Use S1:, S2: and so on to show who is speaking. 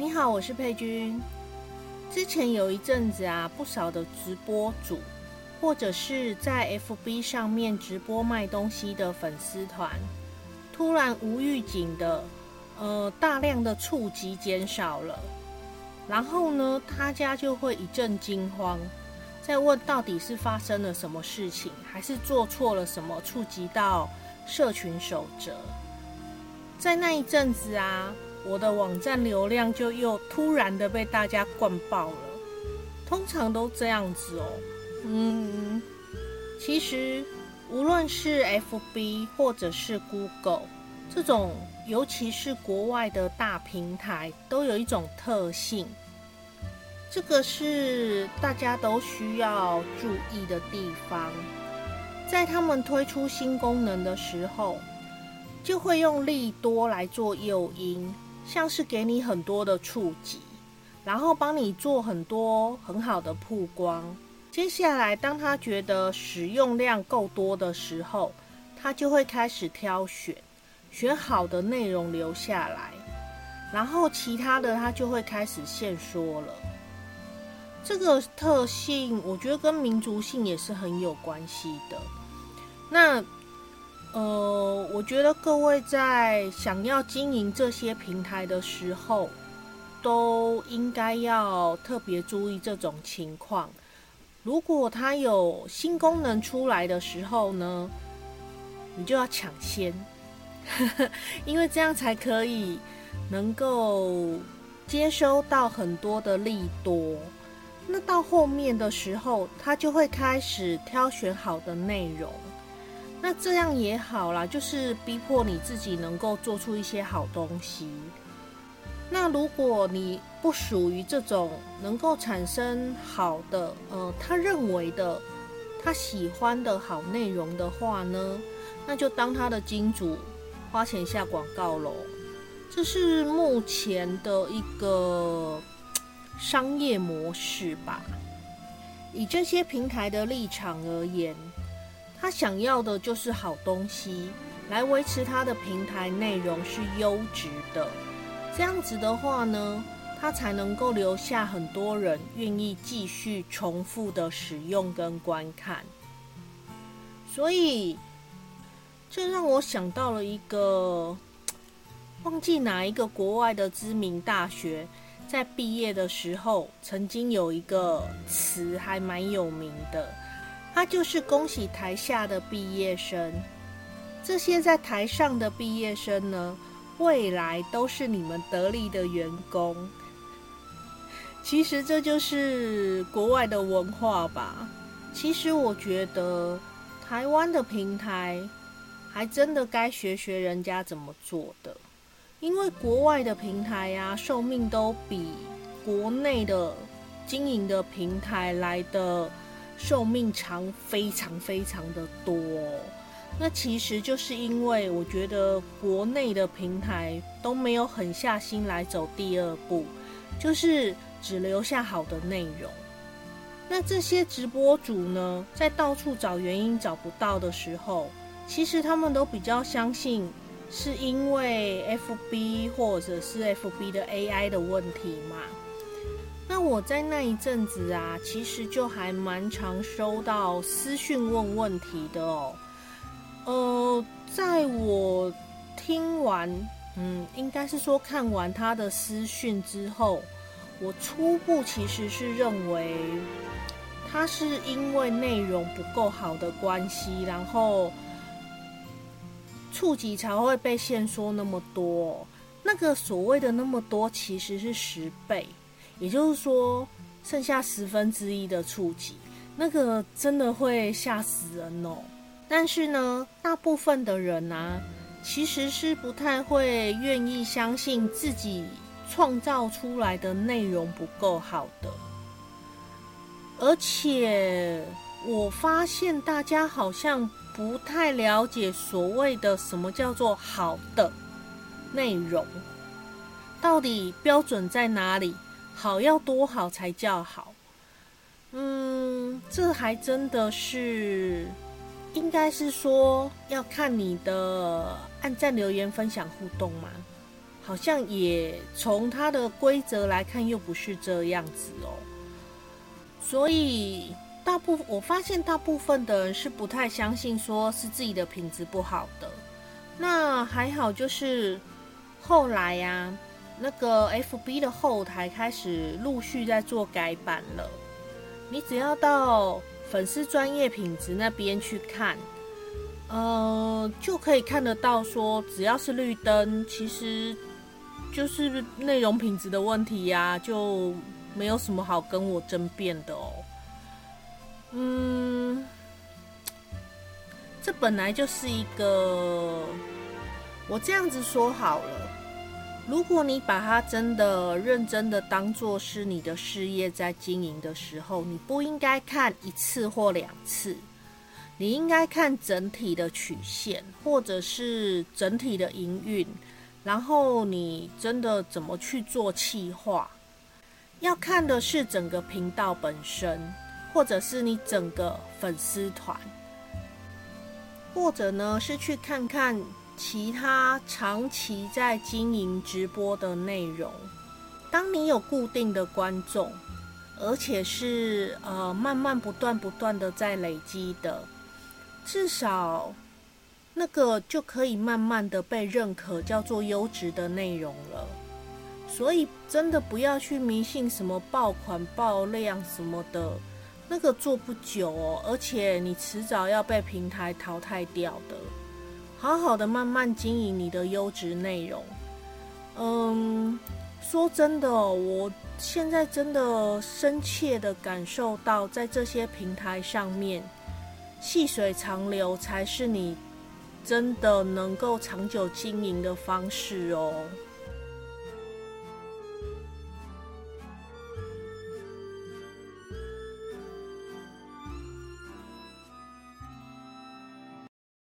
S1: 你好，我是佩君。之前有一陣子啊，不少的直播主，或者是在 FB 上面直播賣東西的粉絲團，突然無預警的，呃，大量的觸及減少了。然後呢，大家就會一陣驚慌，再問到底是發生了什麼事情，還是做錯了什麼，觸及到社群守則。在那一陣子啊。我的網站流量就又突然的被大家灌爆了，通常都這樣子哦。嗯，其實無論是 FB 或者是 Google 這種，尤其是國外的大平台，都有一種特性，這個是大家都需要注意的地方。在他們推出新功能的時候，就會用利多來做誘因。像是給你很多的觸及，然後幫你做很多很好的曝光。接下來，當他覺得使用量夠多的時候，他就會開始挑選，選好的內容留下來，然後其他的他就會開始限縮了。這個特性，我覺得跟民族性也是很有關係的。那。呃，我覺得各位在想要經營這些平台的時候，都應該要特別注意這種情況。如果它有新功能出來的時候呢，你就要搶先， 因為這樣才可以能夠接收到很多的利多。那到後面的時候，它就會開始挑選好的內容。那這樣也好啦，就是逼迫你自己能夠做出一些好東西。那如果你不屬於這種能夠產生好的，呃，他認為的、他喜歡的好內容的話呢，那就當他的金主花錢下廣告咯。這是目前的一個商業模式吧。以這些平台的立場而言。他想要的就是好東西，來維持他的平台內容是優質的。這樣子的話呢，他才能夠留下很多人願意繼續重複的使用跟觀看。所以，這讓我想到了一個忘記哪一個國外的知名大學，在畢業的時候曾經有一個詞還蠻有名的。他就是恭喜台下的畢業生。這些在台上的畢業生呢，未來都是你們得力的員工。其實這就是國外的文化吧？其實我覺得台灣的平台還真的該學學人家怎麼做的，因為國外的平台呀、啊，壽命都比國內的經營的平台來的。壽命長非常非常的多哦，那其實就是因為我覺得國內的平台都沒有狠下心來走第二步，就是只留下好的內容。那這些直播主呢，在到處找原因找不到的時候，其實他們都比較相信是因為 FB 或者是 FB 的 AI 的問題嘛。那我在那一陣子啊，其實就還蠻常收到私訊問問題的哦。呃，在我聽完，嗯，應該是說看完他的私訊之後，我初步其實是認為，他是因為內容不夠好的關係，然後觸及才會被限縮那麼多。那個所謂的那麼多，其實是十倍。也就是說，剩下十分之一的觸及，那個真的會嚇死人哦。但是呢，大部分的人啊，其實是不太會願意相信自己創造出來的內容不夠好的。而且，我發現大家好像不太了解所謂的什麼叫做好的內容，到底標準在哪裡？好，要多好才叫好？嗯，這還真的是，應該是說要看你的按讚、留言、分享、互動嘛？好像也從它的規則來看又不是這樣子哦。所以，大部分我發現大部分的人是不太相信說是自己的品質不好的，那還好就是後來呀、啊。那個 FB 的後台開始陸續在做改版了，你只要到粉絲專頁品質那邊去看，呃，就可以看得到說，只要是綠燈，其實就是內容品質的問題呀，就沒有什麼好跟我爭辯的哦。嗯，這本來就是一個，我這樣子說好了。如果你把它真的認真的當做是你的事業在經營的時候，你不應該看一次或兩次，你應該看整體的曲線，或者是整體的營運，然後你真的怎麼去做企劃，要看的是整個頻道本身，或者是你整個粉絲團，或者呢是去看看。其他長期在經營直播的內容，當你有固定的觀眾，而且是呃慢慢不斷不斷的在累積的，至少那個就可以慢慢的被認可，叫做優質的內容了。所以真的不要去迷信什麼爆款、爆量什麼的，那個做不久哦，而且你遲早要被平台淘汰掉的。好好的，慢慢經營你的優質內容。嗯，說真的，我現在真的深切的感受到，在這些平台上面，細水長流才是你真的能夠長久經營的方式哦。